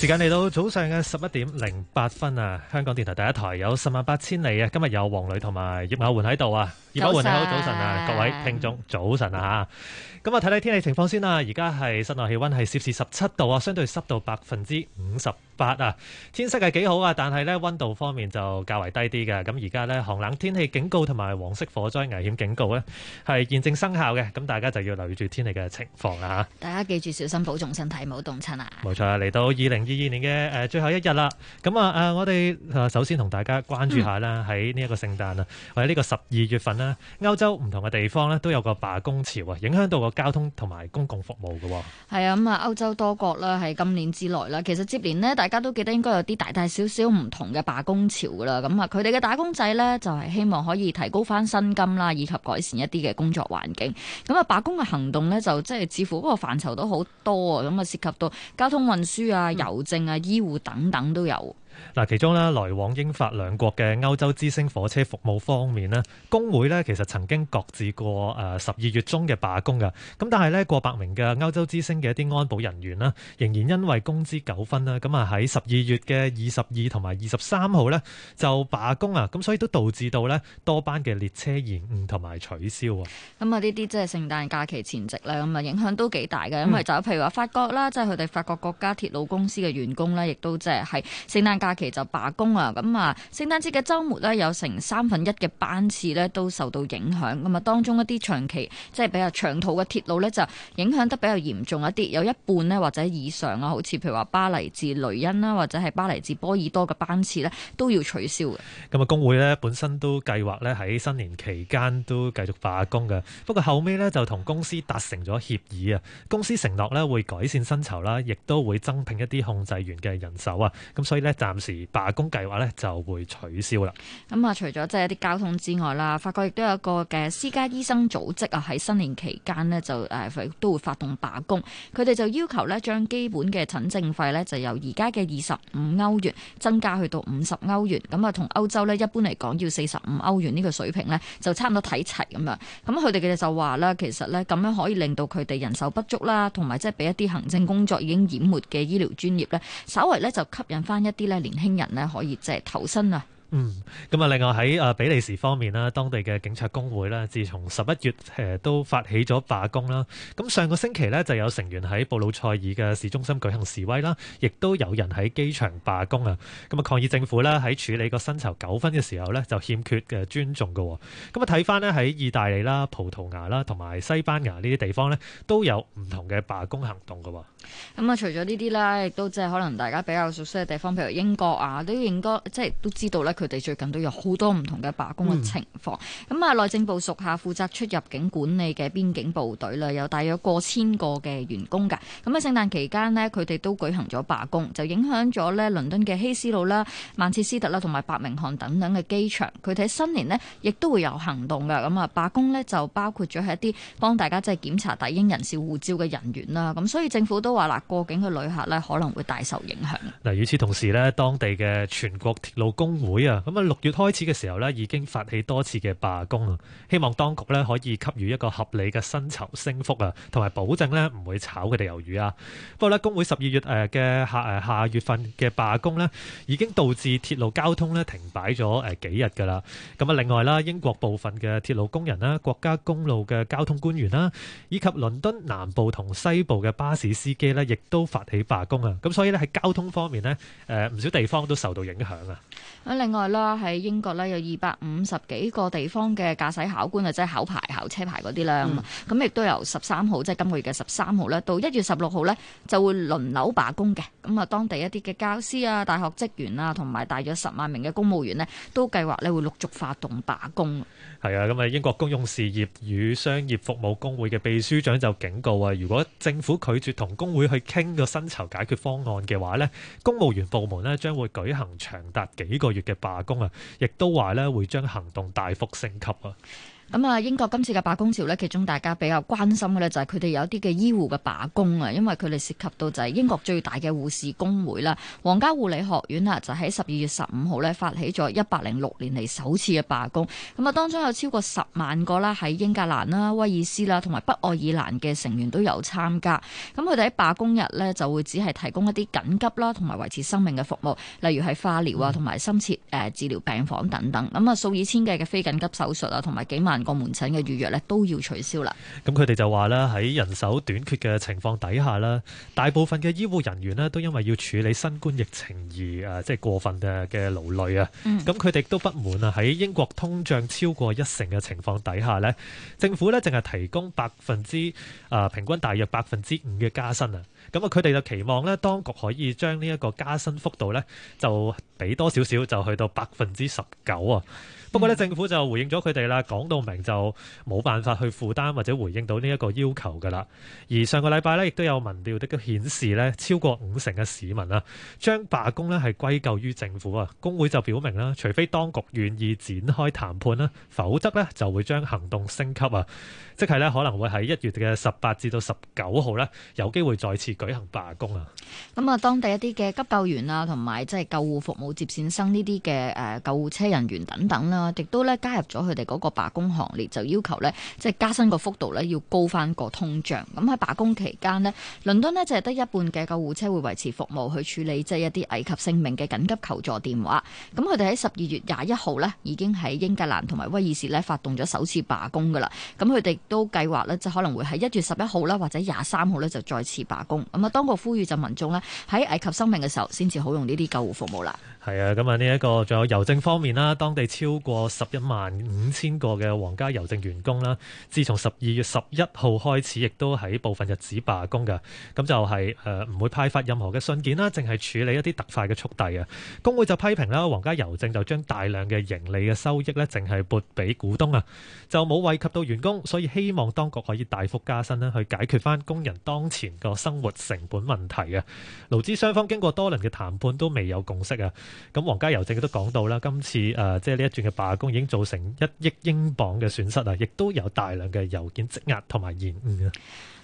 時間嚟到早上嘅十一點零八分啊！香港電台第一台有十萬八千里啊！今日有黃女同埋葉寶煥喺度啊！葉寶煥，你好，早晨啊！各位聽眾，早晨啊！咁啊，睇睇天氣情況先啦。而家係室內氣溫係攝氏十七度啊，相對濕度百分之五十八啊。天色係幾好啊，但係呢溫度方面就較為低啲嘅。咁而家呢寒冷天氣警告同埋黃色火災危險警告呢係現正生效嘅。咁大家就要留意住天氣嘅情況啦吓。大家記住小心保重身體，唔好凍親啊！冇錯啊！嚟到二零。二二年嘅誒最後一日啦，咁啊誒，我哋首先同大家關注下啦，喺呢一個聖誕啊，或者呢個十二月份啦，歐洲唔同嘅地方咧都有個罷工潮啊，影響到個交通同埋公共服務嘅喎。係啊，咁啊，歐洲多國啦，喺今年之內啦，其實接連呢，大家都記得應該有啲大大小小唔同嘅罷工潮啦。咁啊，佢哋嘅打工仔呢，就係希望可以提高翻薪金啦，以及改善一啲嘅工作環境。咁啊，罷工嘅行動呢，就即係似乎嗰個範疇都好多啊，咁啊涉及到交通運輸啊、郵嗯證啊、醫護等等都有。嗱，其中咧來往英法兩國嘅歐洲之星火車服務方面咧，工會咧其實曾經擱置過誒十二月中嘅罷工嘅，咁但係咧過百名嘅歐洲之星嘅一啲安保人員啦，仍然因為工資糾紛啦，咁啊喺十二月嘅二十二同埋二十三號咧就罷工啊，咁所以都導致到咧多班嘅列車延誤同埋取消啊。咁啊，呢啲即係聖誕假期前夕咧，咁啊影響都幾大嘅。咁啊就譬如話法國啦，即係佢哋法國國家鐵路公司嘅員工咧，亦都即係喺聖誕假。假期就罷工啊！咁啊，聖誕節嘅周末呢，有成三分一嘅班次呢都受到影響。咁啊，當中一啲長期即係、就是、比較長途嘅鐵路呢，就影響得比較嚴重一啲。有一半呢，或者以上啊，好似譬如話巴黎至雷恩啦，或者係巴黎至波爾多嘅班次呢，都要取消嘅。咁啊，工會呢本身都計劃呢喺新年期間都繼續罷工嘅。不過後尾呢，就同公司達成咗協議啊，公司承諾呢會改善薪酬啦，亦都會增聘一啲控制員嘅人手啊。咁所以呢暫。時罷工計劃呢就會取消啦。咁啊，除咗即係一啲交通之外啦，法國亦都有一個嘅私家醫生組織啊，喺新年期間呢，就誒都會發動罷工。佢哋就要求呢，將基本嘅診症費呢，就由而家嘅二十五歐元增加去到五十歐元。咁啊，同歐洲呢，一般嚟講要四十五歐元呢個水平呢，就差唔多睇齊咁樣。咁佢哋嘅就話啦，其實呢，咁樣可以令到佢哋人手不足啦，同埋即係俾一啲行政工作已經淹沒嘅醫療專業呢，稍微呢，就吸引翻一啲呢。年輕人咧可以即係投身啊。嗯，咁啊，另外喺啊比利時方面咧，當地嘅警察工會咧，自從十一月誒都發起咗罷工啦。咁上個星期咧，就有成員喺布魯塞爾嘅市中心舉行示威啦，亦都有人喺機場罷工啊。咁啊，抗議政府咧喺處理個薪酬糾紛嘅時候咧，就欠缺嘅尊重噶。咁啊，睇翻咧喺意大利啦、葡萄牙啦同埋西班牙呢啲地方咧，都有唔同嘅罷工行動噶。咁啊、嗯，除咗呢啲咧，亦都即係可能大家比較熟悉嘅地方，譬如英國啊，都應該即係都知道咧。佢哋最近都有好多唔同嘅罷工嘅情況，咁啊內政部屬下負責出入境管理嘅邊境部隊啦，有大約過千個嘅員工噶，咁啊聖誕期間咧，佢哋都舉行咗罷工，就影響咗咧倫敦嘅希斯路啦、曼徹斯特啦、同埋伯明翰等等嘅機場，佢喺新年咧，亦都會有行動㗎。咁啊罷工咧就包括咗係一啲幫大家即係檢查抵英人士護照嘅人員啦。咁所以政府都話啦，過境嘅旅客咧可能會大受影響，嗱，與此同時咧，當地嘅全國鐵路工會。咁啊，六月開始嘅時候呢已經發起多次嘅罷工啊！希望當局呢可以給予一個合理嘅薪酬升幅啊，同埋保證呢唔會炒佢哋魷魚啊！不過呢，工會十二月誒嘅下誒下月份嘅罷工呢已經導致鐵路交通呢停擺咗誒幾日㗎啦！咁啊，另外啦，英國部分嘅鐵路工人啦、國家公路嘅交通官員啦，以及倫敦南部同西部嘅巴士司機呢，亦都發起罷工啊！咁所以呢，喺交通方面呢，誒唔少地方都受到影響啊！啊，另外。啦，喺英國咧有二百五十幾個地方嘅駕駛考官啊，即係考牌、考車牌嗰啲咧。咁亦都由十三號，即係今個月嘅十三號咧，到一月十六號咧，就會輪流罷工嘅。咁啊，當地一啲嘅教師啊、大學職員啊，同埋大約十萬名嘅公務員咧，都計劃咧會陸續發動罷工。係啊，咁啊，英國公用事業與商業服務工會嘅秘書長就警告啊，如果政府拒絕同工會去傾個薪酬解決方案嘅話咧，公務員部門咧將會舉行長達幾個月嘅罷。罷工啊！亦都話咧會將行動大幅升級啊！咁啊，英國今次嘅罷工潮咧，其中大家比較關心嘅咧就係佢哋有一啲嘅醫護嘅罷工啊，因為佢哋涉及到就係英國最大嘅護士工會啦，皇家護理學院啊，就喺十二月十五號咧發起咗一百零六年嚟首次嘅罷工。咁啊，當中有超過十萬個啦，喺英格蘭啦、威爾斯啦同埋北愛爾蘭嘅成員都有參加。咁佢哋喺罷工日呢，就會只係提供一啲緊急啦同埋維持生命嘅服務，例如係化療啊同埋深切誒治療病房等等。咁啊，數以千計嘅非緊急手術啊同埋幾萬個門診嘅預約咧都要取消啦。咁佢哋就話咧喺人手短缺嘅情況底下咧，大部分嘅醫護人員咧都因為要處理新冠疫情而誒，即係過分嘅嘅勞累啊。咁佢哋都不滿啊！喺英國通脹超過一成嘅情況底下咧，政府咧淨係提供百分之誒平均大約百分之五嘅加薪啊。咁啊，佢哋就期望咧當局可以將呢一個加薪幅度咧就俾多少少就去到百分之十九啊。嗯、不過咧，政府就回應咗佢哋啦，講到明就冇辦法去負擔或者回應到呢一個要求㗎啦。而上個禮拜呢，亦都有民調的顯示咧，超過五成嘅市民啊，將罷工咧係歸咎於政府啊。工會就表明啦、啊，除非當局願意展開談判啦、啊，否則咧就會將行動升級啊，即係咧可能會喺一月嘅十八至到十九號咧有機會再次舉行罷工啊。咁啊，當地一啲嘅急救員啊，同埋即係救護服務接線生呢啲嘅誒救護車人員等等啦、啊。亦都咧加入咗佢哋嗰個罷工行列，就要求咧即係加薪個幅度咧要高翻個通脹。咁喺罷工期間呢，倫敦呢，淨係得一半嘅救護車會維持服務去處理即係一啲危及性命嘅緊急求助電話。咁佢哋喺十二月廿一號呢，已經喺英格蘭同埋威爾士呢，發動咗首次罷工噶啦。咁佢哋都計劃呢，就可能會喺一月十一號啦或者廿三號呢，就再次罷工。咁啊，當局呼籲就民眾呢，喺危及生命嘅時候先至好用呢啲救護服務啦。係啊，咁啊，呢一個仲有郵政方面啦，當地超過十一萬五千個嘅皇家郵政員工啦，自從十二月十一號開始，亦都喺部分日子罷工㗎。咁就係誒唔會派發任何嘅信件啦，淨係處理一啲特快嘅速遞啊。工會就批評啦，皇家郵政就將大量嘅盈利嘅收益呢，淨係撥俾股東啊，就冇惠及到員工，所以希望當局可以大幅加薪啦，去解決翻工人當前個生活成本問題啊。勞資雙方經過多輪嘅談判都未有共識啊。咁皇家郵政亦都講到啦，今次誒即係呢一轉嘅罷工已經造成一億英鎊嘅損失啊，亦都有大量嘅郵件積壓同埋延誤。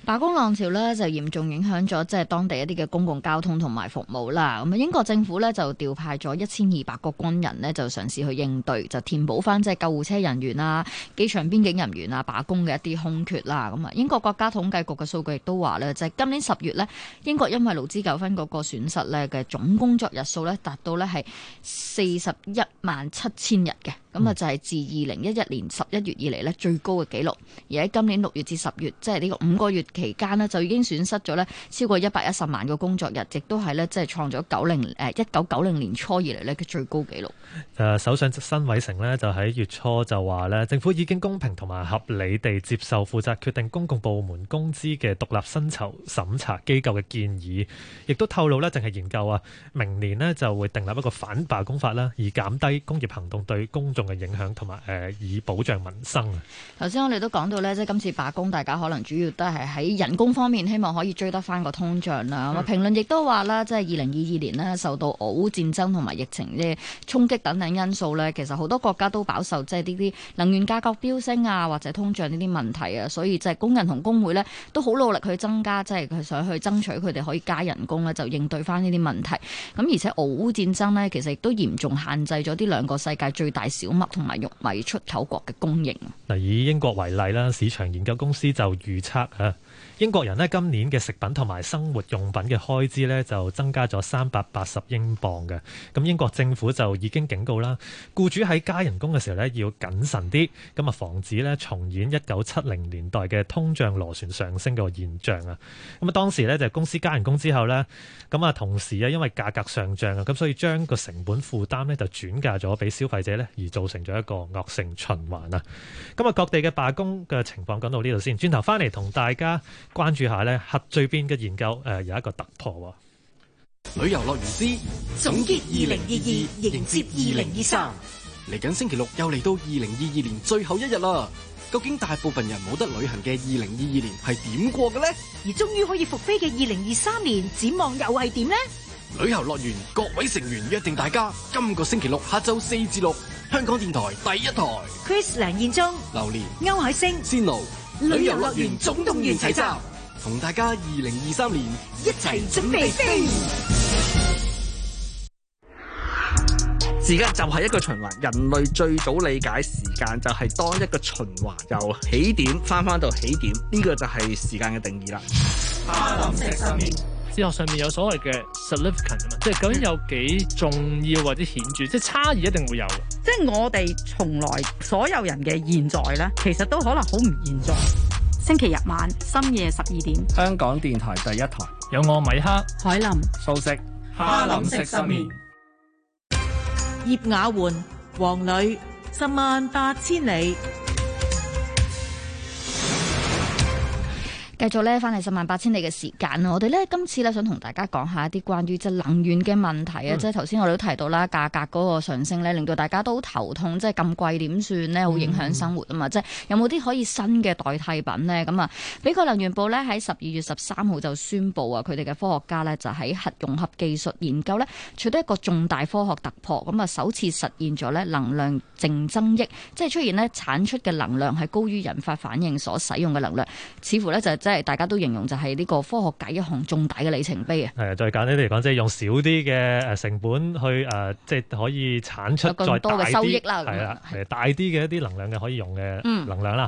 罷工浪潮咧就嚴重影響咗即係當地一啲嘅公共交通同埋服務啦。咁啊，英國政府呢，就調派咗一千二百個軍人呢，就嘗試去應對，就填補翻即係救護車人員啊、機場邊境人員啊、罷工嘅一啲空缺啦。咁啊，英國國家統計局嘅數據亦都話呢就係、是、今年十月呢，英國因為勞資糾紛嗰個損失呢嘅總工作日數呢，達到呢係四十一萬七千日嘅。咁啊、嗯，就係自二零一一年十一月以嚟呢，最高嘅記錄，而喺今年六月至十月，即係呢個五個月期間呢，就已經損失咗呢超過一百一十萬個工作日，亦都係呢即係創咗九零誒一九九零年初以嚟呢嘅最高記錄。誒，首相辛偉誠呢就喺月初就話呢，政府已經公平同埋合理地接受負責決定公共部門工資嘅獨立薪酬審查機構嘅建議，亦都透露呢淨係研究啊，明年呢就會訂立一個反罷工法啦，以減低工業行動對公眾。嘅影響同埋誒，以保障民生啊！頭先我哋都講到呢，即係今次罷工，大家可能主要都係喺人工方面，希望可以追得翻個通脹啦。咁啊、嗯，評論亦都話啦，即係二零二二年呢，受到俄烏戰爭同埋疫情嘅衝擊等等因素呢，其實好多國家都飽受即係呢啲能源價格飆升啊，或者通脹呢啲問題啊，所以就係工人同工會呢都好努力去增加，即係佢想去爭取佢哋可以加人工呢，就應對翻呢啲問題。咁而且俄烏戰爭呢，其實亦都嚴重限制咗呢兩個世界最大小麥同埋玉米出口國嘅供應。嗱，以英國為例啦，市場研究公司就預測啊。英國人咧今年嘅食品同埋生活用品嘅開支咧就增加咗三百八十英鎊嘅。咁英國政府就已經警告啦，僱主喺加人工嘅時候咧要謹慎啲，咁啊防止咧重演一九七零年代嘅通脹螺旋上升嘅現象啊。咁啊當時咧就係公司加人工之後咧，咁啊同時啊因為價格上漲啊，咁所以將個成本負擔咧就轉嫁咗俾消費者咧，而造成咗一個惡性循環啊。咁啊各地嘅罷工嘅情況講到呢度先，轉頭翻嚟同大家關注下咧核聚變嘅研究，誒、呃、有一個突破。旅遊樂園師總結二零二二迎接二零二三。嚟緊星期六又嚟到二零二二年最後一日啦。究竟大部分人冇得旅行嘅二零二二年係點過嘅呢？而終於可以復飛嘅二零二三年展望又係點呢？旅遊樂園各位成員約定大家，今個星期六下晝四至六，香港電台第一台。Chris 梁燕忠，劉年，歐海星，仙奴。旅遊樂園總動員齊集，同大家二零二三年一齊準備飛。時間就係一個循環，人類最早理解時間就係當一個循環由起點返返到起點，呢、這個就係時間嘅定義啦。科學上面，哲學上面有所謂嘅 significant 啊嘛，即係究竟有幾重要或者顯著，即、就、係、是、差異一定會有。即係我哋從來所有人嘅現在呢，其實都可能好唔現在。星期日晚深夜十二點，香港電台第一台有我米克、海林、素食、哈林食十面葉雅媛、黃女、十萬八千里。繼續咧，翻嚟十萬八千里嘅時間啊！我哋呢，今次呢，想同大家講下一啲關於即係能源嘅問題啊！嗯、即係頭先我哋都提到啦，價格嗰個上升呢，令到大家都好頭痛，即係咁貴點算呢？好影響生活啊嘛！嗯、即係有冇啲可以新嘅代替品呢？咁啊，美國能源部呢，喺十二月十三號就宣布啊，佢哋嘅科學家呢，就喺核融合技術研究呢，取得一個重大科學突破，咁啊首次實現咗呢能量淨增益，即係出現呢產出嘅能量係高於引發反應所使用嘅能量，似乎呢就係即係大家都形容就係呢個科學界一項重大嘅里程碑啊！係啊，再簡單啲嚟講，即係用少啲嘅誒成本去誒、啊，即係可以產出再多嘅收益啦。係啦，係的的大啲嘅一啲能量嘅可以用嘅能量啦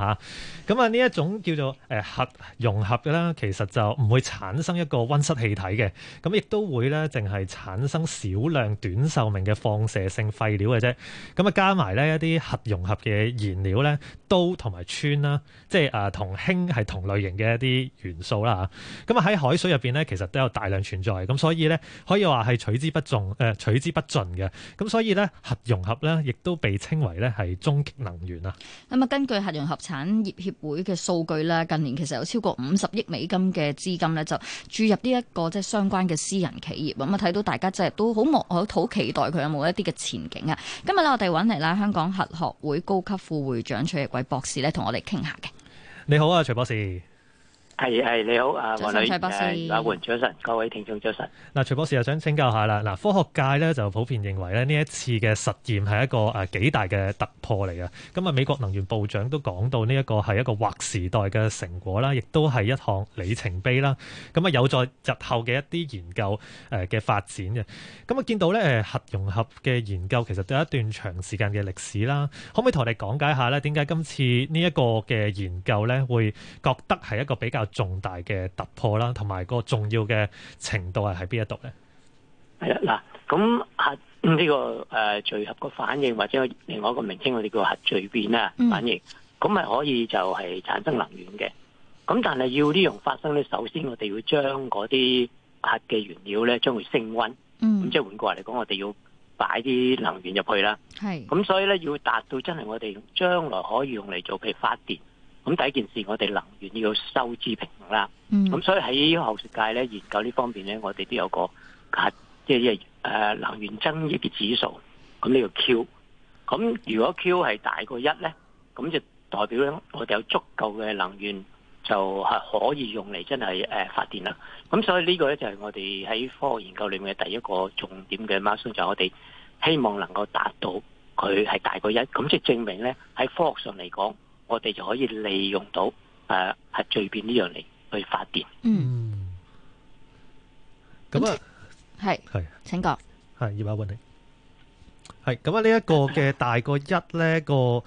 吓，咁、嗯、啊，呢一種叫做誒核融合嘅啦，其實就唔會產生一個溫室氣體嘅，咁亦都會咧淨係產生少量短壽命嘅放射性廢料嘅啫。咁啊，加埋咧一啲核融合嘅燃料咧，氘同埋氚啦，即係誒同氫係同類型嘅一啲。啲元素啦，咁啊喺海水入邊呢，其實都有大量存在，咁所以呢，可以話係取之不盡誒，取之不盡嘅。咁所以呢，核融合呢，亦都被稱為呢，係終極能源啊。咁啊，根據核融合產業協會嘅數據呢，近年其實有超過五十億美金嘅資金呢，就注入呢一個即係相關嘅私人企業。咁啊，睇到大家真係都好望好好期待佢有冇一啲嘅前景啊。今日呢，我哋揾嚟啦，香港核學會高級副會長徐奕偉博士呢，同我哋傾下嘅。你好啊，徐博士。係係你好，啊黃女士，啊黃早晨，各位聽眾早晨。嗱，徐博士又想請教一下啦。嗱，科學界咧就普遍認為咧呢一次嘅實驗係一個誒幾大嘅突破嚟嘅。咁啊，美國能源部長都講到呢一個係一個劃時代嘅成果啦，亦都係一項里程碑啦。咁啊，有助日後嘅一啲研究誒嘅發展嘅。咁啊，見到咧，核融合嘅研究其實都有一段長時間嘅歷史啦。可唔可以同我哋講解下咧？點解今次呢一個嘅研究咧會覺得係一個比較？重大嘅突破啦，同埋個重要嘅程度係喺邊一度咧？係啦，嗱、這個，咁核呢個誒聚合個反應，或者另外一個名稱，我哋叫核聚變啦反應，咁係、嗯、可以就係產生能源嘅。咁但係要呢樣發生咧，首先我哋要將嗰啲核嘅原料咧，將會升溫。咁即係換句話嚟講，我哋要擺啲能源入去啦。係是。咁所以咧，要達到真係我哋將來可以用嚟做，譬如發電。咁第一件事，我哋能源要收支平衡啦。咁所以喺學術界咧，研究呢方面咧，我哋都有個係即係誒能源增益嘅指數。咁呢個 Q，咁如果 Q 係大過一咧，咁就代表咧我哋有足夠嘅能源，就係可以用嚟真係誒發電啦。咁所以呢個咧就係我哋喺科學研究裏面嘅第一個重點嘅目標，就係我哋希望能夠達到佢係大過一。咁即係證明咧喺科學上嚟講。我哋就可以利用到，誒、啊，係核聚變呢樣嚟去發電嗯。嗯。咁、嗯、啊，係係，是請講過。係葉柏文，係。咁啊，這這一呢一個嘅大過一咧個，誒、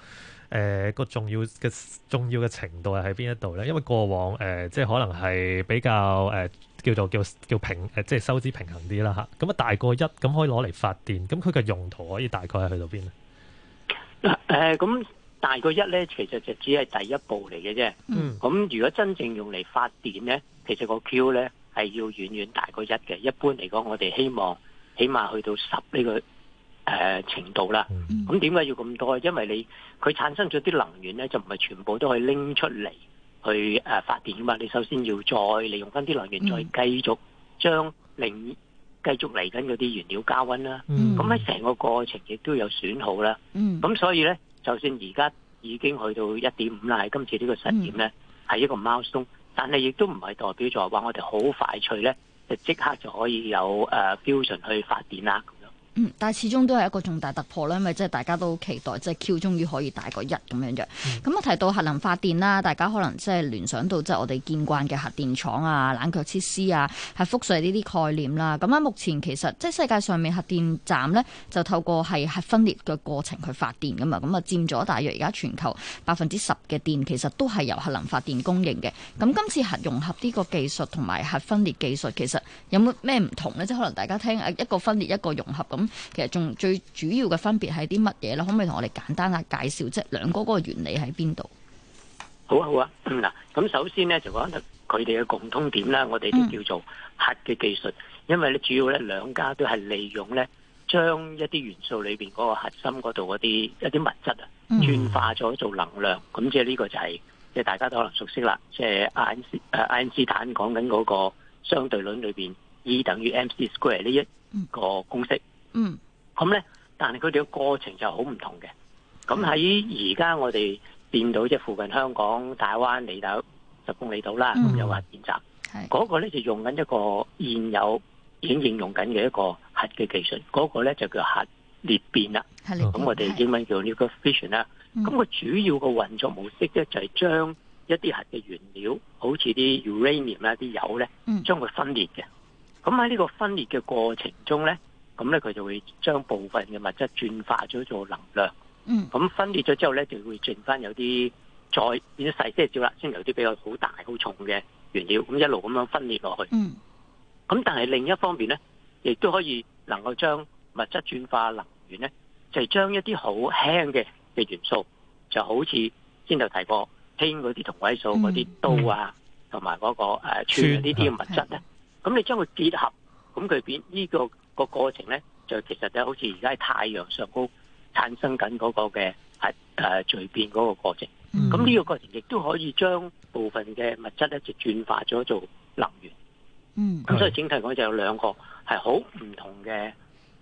呃，個重要嘅重要嘅程度係喺邊一度咧？因為過往誒、呃，即係可能係比較誒、呃，叫做叫叫平誒、呃，即係收支平衡啲啦吓。咁啊，大過一咁可以攞嚟發電，咁佢嘅用途可以大概係去到邊咧？誒、呃，咁、呃。嗯大過一咧，其實就只係第一步嚟嘅啫。咁、嗯、如果真正用嚟發電咧，其實個 Q 咧係要遠遠大過一嘅。一般嚟講，我哋希望起碼去到十呢、呢個誒、呃、程度啦。咁點解要咁多？因為你佢產生咗啲能源咧，就唔係全部都可以拎出嚟去誒發電嘛。你首先要再利用翻啲能源，嗯、再繼續將另繼續嚟緊嗰啲原料加温啦。咁喺成個過程亦都有損耗啦。咁、嗯、所以咧。就算而家已經去到一點五啦，今次呢個實驗呢係一個 milestone，但係亦都唔係代表咗話我哋好快脆就即刻就可以有誒標準去發電啦。嗯，但係始終都係一個重大突破啦，因為即係大家都期待即係 Q 終於可以大過一咁樣樣。咁啊、嗯、提到核能發電啦，大家可能即係聯想到即係我哋見慣嘅核電廠啊、冷卻設施啊、核輻射呢啲概念啦。咁啊，目前其實即係世界上面核電站呢，就透過係核分裂嘅過程去發電噶嘛，咁啊佔咗大約而家全球百分之十嘅電其實都係由核能發電供應嘅。咁今、嗯、次核融合呢個技術同埋核分裂技術其實有冇咩唔同呢？即係可能大家聽一個分裂一個融合咁。其實仲最主要嘅分別係啲乜嘢咧？可唔可以同我哋簡單啊介紹，即係兩嗰個原理喺邊度？好啊，好啊。嗱，咁首先咧就講得佢哋嘅共通點啦。我哋就叫做核嘅技術，嗯、因為咧主要咧兩家都係利用咧將一啲元素裏邊嗰個核心嗰度嗰啲一啲物質啊，轉、嗯、化咗做能量。咁即係呢個就係、是、即係大家都可能熟悉啦。即係愛恩斯誒愛因斯坦講緊嗰個相對論裏邊 E 等於 mc square 呢一個公式。嗯嗯，咁咧，但係佢哋嘅過程就好唔同嘅。咁喺而家我哋變到即附近香港、大灣、離島十公里島啦，咁、嗯、有核電站，嗰的個咧就用緊一個現有已經應用緊嘅一個核嘅技術，嗰、那個咧就叫核裂變啦。係，咁我哋英文叫 nuclear fission 啦的。咁個主要嘅運作模式咧就係、是、將一啲核嘅原料，好似啲 uranium 啦、啲油咧，將佢分裂嘅。咁喺呢個分裂嘅過程中咧。咁咧，佢就會將部分嘅物質轉化咗做能量。嗯。咁分裂咗之後咧，就會剩翻有啲再變咗細啲嘅焦啦，先有啲比較好大、好重嘅原料，咁一路咁樣分裂落去。嗯。咁但係另一方面咧，亦都可以能夠將物質轉化能源咧，就係將一啲好輕嘅嘅元素，就好似先頭提過輕嗰啲同位素嗰啲氘啊，同埋嗰個誒氚呢啲嘅物質咧。咁你將佢結合，咁佢變呢個。這個過程咧，就其實就好似而家喺太陽上高產生緊嗰個嘅核誒聚變嗰個過程，咁呢、嗯、個過程亦都可以將部分嘅物質咧就轉化咗做能源。嗯，咁所以整體講就有兩個係好唔同嘅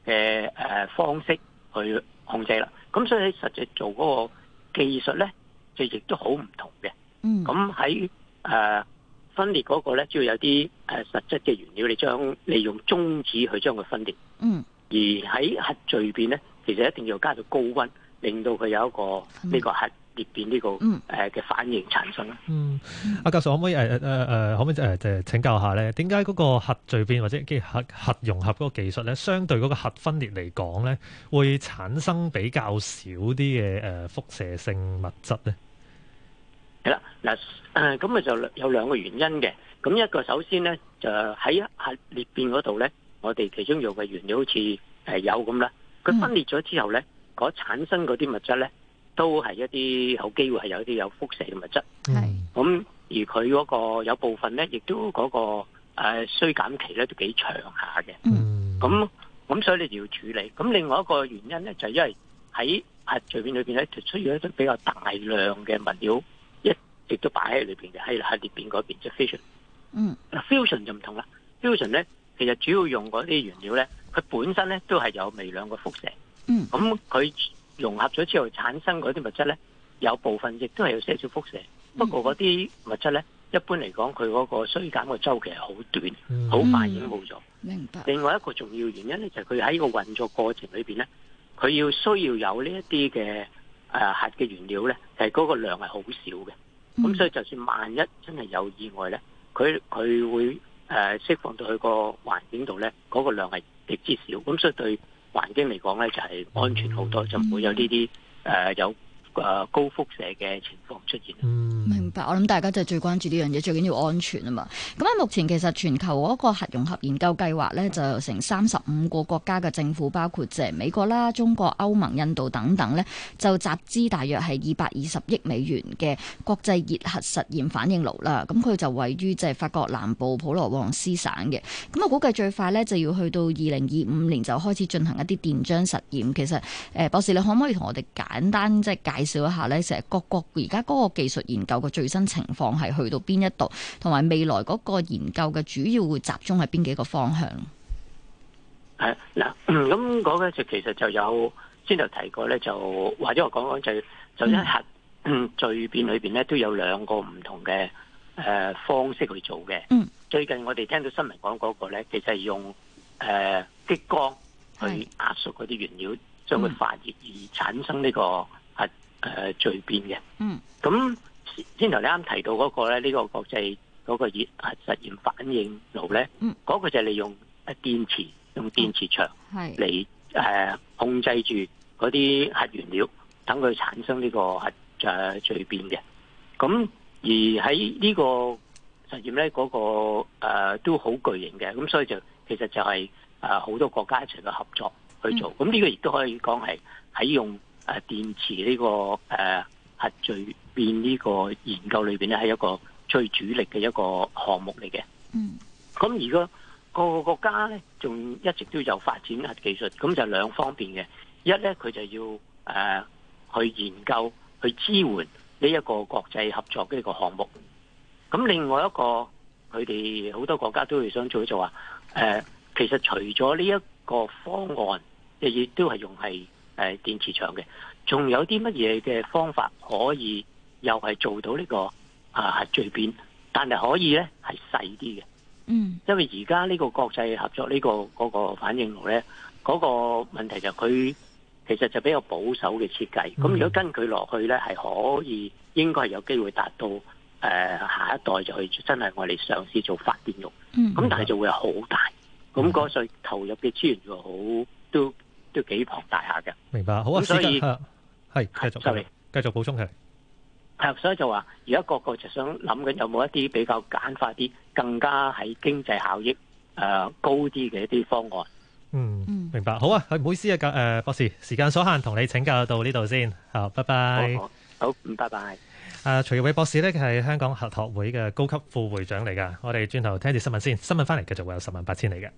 嘅誒方式去控制啦。咁所以喺實際做嗰個技術咧就亦都好唔同嘅。嗯，咁喺誒。呃分裂嗰個咧，主要有啲誒實質嘅原料，你將利用中子去將佢分裂。嗯。而喺核聚變咧，其實一定要加到高溫，令到佢有一個呢個核裂變呢個誒嘅反應產生啦。嗯。阿教授可唔可以誒誒誒可唔可以誒誒請教下咧？點解嗰個核聚變或者即核核融合嗰個技術咧，相對嗰個核分裂嚟講咧，會產生比較少啲嘅誒輻射性物質咧？係啦，嗱，咁咪就有兩個原因嘅。咁一個首先咧，就喺核裂變嗰度咧，我哋其中用嘅原料好似有咁啦。佢分裂咗之後咧，嗰、那個、產生嗰啲物質咧，都係一啲好機會係有啲有輻射嘅物質。係是。咁而佢嗰個有部分咧，亦都嗰、那個、呃、衰減期咧都幾長下嘅。嗯。咁咁所以你就要處理。咁另外一個原因咧，就係、是、因為喺核聚變裏邊咧，出現一啲比較大量嘅物料。亦都擺喺裏邊嘅，喺喺裂變嗰邊即 fission。就是、嗯，fusion 就唔同啦。fusion 咧其實主要用嗰啲原料咧，佢本身咧都係有微量嘅輻射。嗯，咁佢、嗯、融合咗之後產生嗰啲物質咧，有部分亦都係有些少輻射。不過嗰啲物質咧，嗯、一般嚟講佢嗰個衰減嘅周期係好短，好快已經冇咗。嗯、另外一個重要原因咧，就係佢喺個運作過程裏邊咧，佢要需要有呢一啲嘅誒核嘅原料咧，係、就、嗰、是、個量係好少嘅。咁、嗯、所以就算萬一真係有意外咧，佢佢會誒釋、呃、放到去個環境度咧，嗰個量係極之少，咁所以對環境嚟講咧就係、是、安全好多，就唔會有呢啲誒有。誒高輻射嘅情況出現。明白。我諗大家就係最關注呢樣嘢，最緊要安全啊嘛。咁啊，目前其實全球嗰個核融合研究計劃呢，就成三十五個國家嘅政府，包括誒美國啦、中國、歐盟、印度等等呢，就集資大約係二百二十億美元嘅國際熱核實驗反應爐啦。咁佢就位於即係法國南部普羅旺斯省嘅。咁啊，估計最快呢，就要去到二零二五年就開始進行一啲電漿實驗。其實誒、欸，博士，你可唔可以同我哋簡單即係、就是、解介紹一下咧，成日各國而家嗰個技術研究嘅最新情況係去到邊一度，同埋未來嗰個研究嘅主要會集中喺邊幾個方向。係嗱，咁講咧就其實就有先頭提過咧，就或者我講講就就一核聚變、嗯、裏邊咧都有兩個唔同嘅誒、呃、方式去做嘅。嗯，最近我哋聽到新聞講嗰個咧，其實係用誒、呃、激光去壓縮嗰啲原料，將佢的發熱而產生呢、這個。嗯誒、呃，聚變嘅，嗯，咁先頭你啱提到嗰、那個咧，呢、這個國際嗰個熱核實驗反應爐咧，嗰、嗯、個就係利用誒電池，用電池牆係嚟誒控制住嗰啲核原料，等佢產生呢、這個核誒、呃、聚變嘅。咁而喺呢個實驗咧，嗰、那個誒、呃、都好巨型嘅，咁所以就其實就係誒好多國家一齊嘅合作去做，咁呢、嗯、個亦都可以講係喺用。誒、啊，電池呢、這個誒、啊、核聚變呢個研究裏邊咧，係一個最主力嘅一個項目嚟嘅。嗯，咁如個各個國家咧，仲一直都有發展核技術，咁就兩方面嘅。一咧，佢就要誒、啊、去研究去支援呢一個國際合作呢個項目。咁另外一個，佢哋好多國家都會想做一做啊。誒，其實除咗呢一個方案，亦亦都係用係。係電磁場嘅，仲有啲乜嘢嘅方法可以又係做到呢、這個啊核聚變，但係可以咧係細啲嘅。嗯，因為而家呢個國際合作呢、這個嗰、那個反應爐咧，嗰、那個問題就佢其實就比較保守嘅設計。咁、嗯、如果跟佢落去咧，係可以應該係有機會達到誒、呃、下一代就去真係我哋嘗試做發電用。嗯，咁但係就會好大，咁、那、嗰個投入嘅資源就好都。都幾龐大下嘅，明白。好啊，所以係、啊、繼續 sorry，繼續補充佢。係、啊、所以就話而家個個就想諗緊有冇一啲比較簡化啲、更加喺經濟效益誒、呃、高啲嘅一啲方案。嗯，明白。好啊，唔好意思啊，誒、呃、博士，時間所限，同你請教到呢度先。嚇，拜拜。好，拜拜。誒、啊啊，徐奕偉博士呢係香港核學會嘅高級副會長嚟噶。我哋轉頭聽住新聞先。新聞翻嚟，繼續會有十萬八千里嘅。